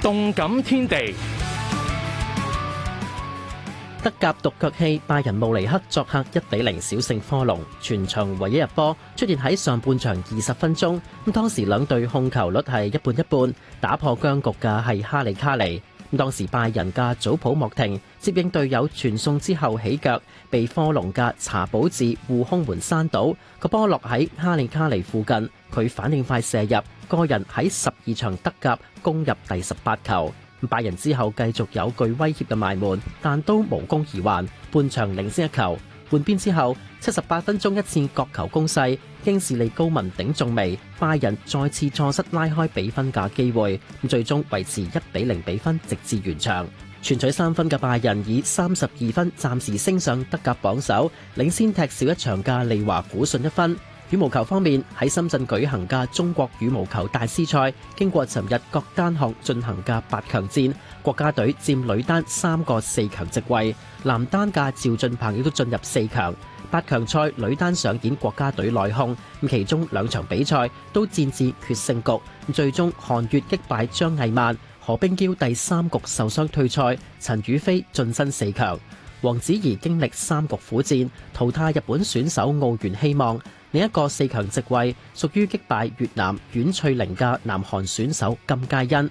動感天地，德甲獨腳戲拜仁慕尼黑作客一比零小勝科隆，全場唯一入波出現喺上半場二十分鐘。咁當時兩隊控球率係一半一半，打破僵局嘅係哈利卡尼。當時拜仁嘅祖普莫廷接應隊友傳送之後起腳，被科隆嘅查保治護空門山倒。個波落喺哈利卡尼附近，佢反應快射入，個人喺十二場德甲攻入第十八球。拜仁之後繼續有具威脅嘅埋門，但都無功而還，半場領先一球。換邊之後，七十八分鐘一次角球攻勢。京士利高文頂仲未，拜仁再次錯失拉開比分嘅機會，最終維持一比零比分直至完場，全取三分嘅拜仁以三十二分暫時升上德甲榜首，領先踢少一場嘅利華古遜一分。羽毛球方面，喺深圳舉行嘅中國羽毛球大師賽，經過尋日各單項進行嘅八強戰，國家隊佔女單三個四強席位，男單嘅趙俊鵬亦都進入四強。八強賽女單上演國家隊內訌，其中兩場比賽都戰至決勝局，最終韓悅擊敗張藝曼，何冰嬌第三局受傷退賽，陳雨菲晉身四強。王子怡經歷三局苦戰，淘汰日本選手奧原希望。另一個四強席位屬於擊敗越南阮翠玲嘅南韓選手金佳恩。